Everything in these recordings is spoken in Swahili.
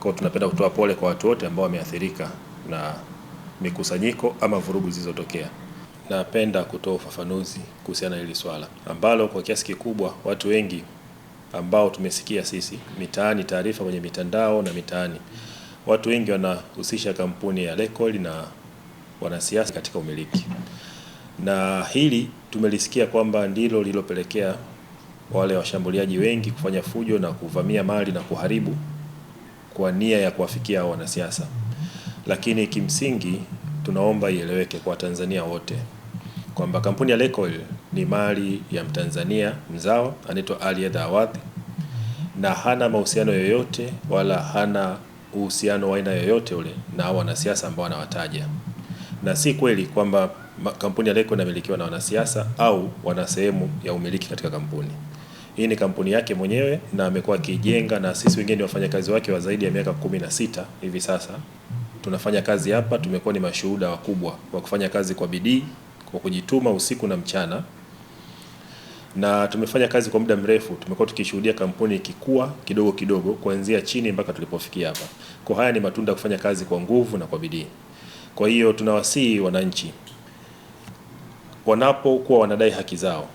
Kwa tunapenda kutoa pole kwa watu wote ambao wameathirika na mikusanyiko ama vurugu zilizotokea. Napenda kutoa ufafanuzi kuhusiana na hili swala ambalo kwa kiasi kikubwa watu wengi ambao tumesikia sisi mitaani, taarifa kwenye mitandao na mitaani, watu wengi wanahusisha kampuni ya Lekol na wanasiasa katika umiliki, na hili tumelisikia kwamba ndilo lililopelekea wale washambuliaji wengi kufanya fujo na kuvamia mali na kuharibu kwa nia ya kuwafikia hao wanasiasa, lakini kimsingi tunaomba ieleweke kwa Watanzania wote kwamba kampuni ya Lake Oil ni mali ya Mtanzania mzawa anaitwa Aliadha Awadhi na hana mahusiano yoyote wala hana uhusiano wa aina yoyote ule na hao wanasiasa ambao anawataja na si kweli kwamba kampuni ya Lake Oil inamilikiwa na wanasiasa au wana sehemu ya umiliki katika kampuni. Hii ni kampuni yake mwenyewe na amekuwa akijenga, na sisi wengine ni wafanyakazi wake wa zaidi ya miaka kumi na sita hivi sasa tunafanya kazi hapa. Tumekuwa ni mashuhuda wakubwa wa kufanya kazi kwa bidii, kwa kujituma usiku na mchana, na tumefanya kazi kwa muda mrefu. Tumekuwa tukishuhudia kampuni ikikua kidogo kidogo, kuanzia chini mpaka tulipofikia hapa. Kwa haya ni matunda ya kufanya kazi kwa nguvu na kwa bidii. Kwa hiyo tunawasihi wananchi wanapokuwa wanadai haki zao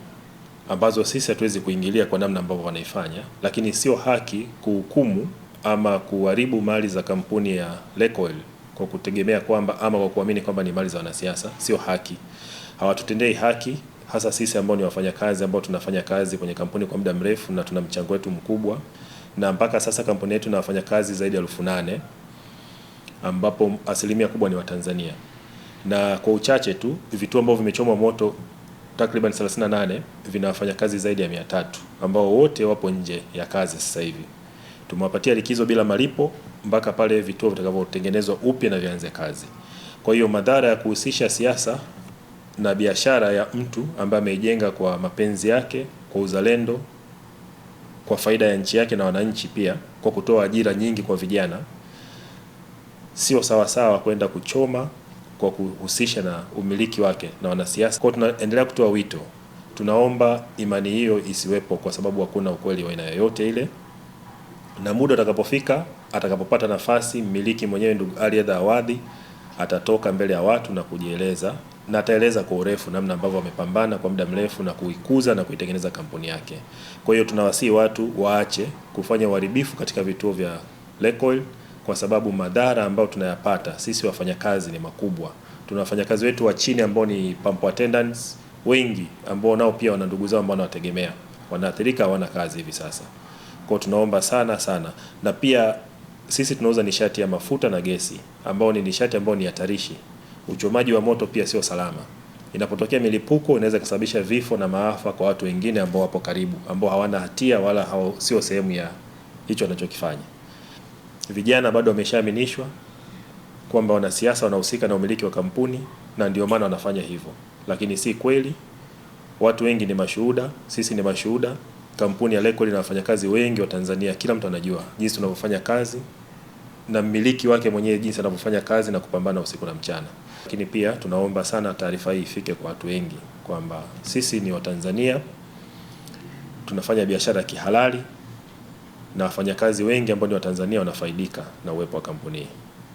ambazo sisi hatuwezi kuingilia kwa namna ambavyo wanaifanya, lakini sio haki kuhukumu ama kuharibu mali za kampuni ya Lake kwa kutegemea kwamba ama kwa kuamini kwamba ni mali za wanasiasa. Sio haki, hawatutendei haki, hasa sisi ambao ni wafanyakazi ambao tunafanya kazi kwenye kampuni kwa muda mrefu na tuna mchango wetu mkubwa, na mpaka sasa kampuni yetu na wafanyakazi zaidi ya elfu nane ambapo asilimia kubwa ni Watanzania na kwa uchache tu vituo ambavyo vimechomwa moto takriban 38 vina wafanyakazi zaidi ya 300 ambao wote wapo nje ya kazi sasa hivi. Tumewapatia likizo bila malipo mpaka pale vituo vitakavyotengenezwa upya na vianze kazi. Kwa hiyo madhara ya kuhusisha siasa na biashara ya mtu ambaye ameijenga kwa mapenzi yake, kwa uzalendo, kwa faida ya nchi yake na wananchi pia, kwa kutoa ajira nyingi kwa vijana, sio sawasawa kwenda kuchoma kwa kuhusisha na umiliki wake na wanasiasa. Kwa tunaendelea kutoa wito, tunaomba imani hiyo isiwepo, kwa sababu hakuna ukweli wa aina yoyote ile, na muda utakapofika, atakapopata nafasi, mmiliki mwenyewe ndugu Aliadha Awadhi atatoka mbele ya watu na kujieleza na ataeleza kwa urefu namna ambavyo wamepambana kwa muda mrefu na kuikuza na kuitengeneza kampuni yake. Kwa hiyo tunawasihi watu waache kufanya uharibifu katika vituo vya Lake Oil kwa sababu madhara ambayo tunayapata sisi wafanyakazi ni makubwa. Tuna wafanyakazi wetu wa chini ambao ni pump attendants wengi ambao nao pia wana ndugu zao ambao wanawategemea, wanaathirika, hawana kazi hivi sasa. Kwa tunaomba sana sana, na pia sisi tunauza nishati ya mafuta na gesi ambao ni nishati ambao ni hatarishi. Uchomaji wa moto pia sio salama. Inapotokea milipuko inaweza kusababisha vifo na maafa kwa watu wengine ambao wapo karibu, ambao hawana hatia wala sio sehemu ya hicho wanachokifanya vijana bado wameshaaminishwa kwamba wanasiasa wanahusika na umiliki wa kampuni na ndio maana wanafanya hivyo, lakini si kweli. Watu wengi ni mashuhuda, sisi ni mashuhuda. Kampuni ya Lekoli Oil na wafanyakazi wengi wa Tanzania, kila mtu anajua jinsi tunavyofanya kazi na mmiliki wake mwenyewe jinsi anavyofanya kazi na kupambana usiku na mchana. Lakini pia tunaomba sana taarifa hii ifike kwa watu wengi kwamba sisi ni Watanzania, tunafanya biashara kihalali na wafanyakazi wengi ambao ni Watanzania wanafaidika na uwepo wa kampuni hii.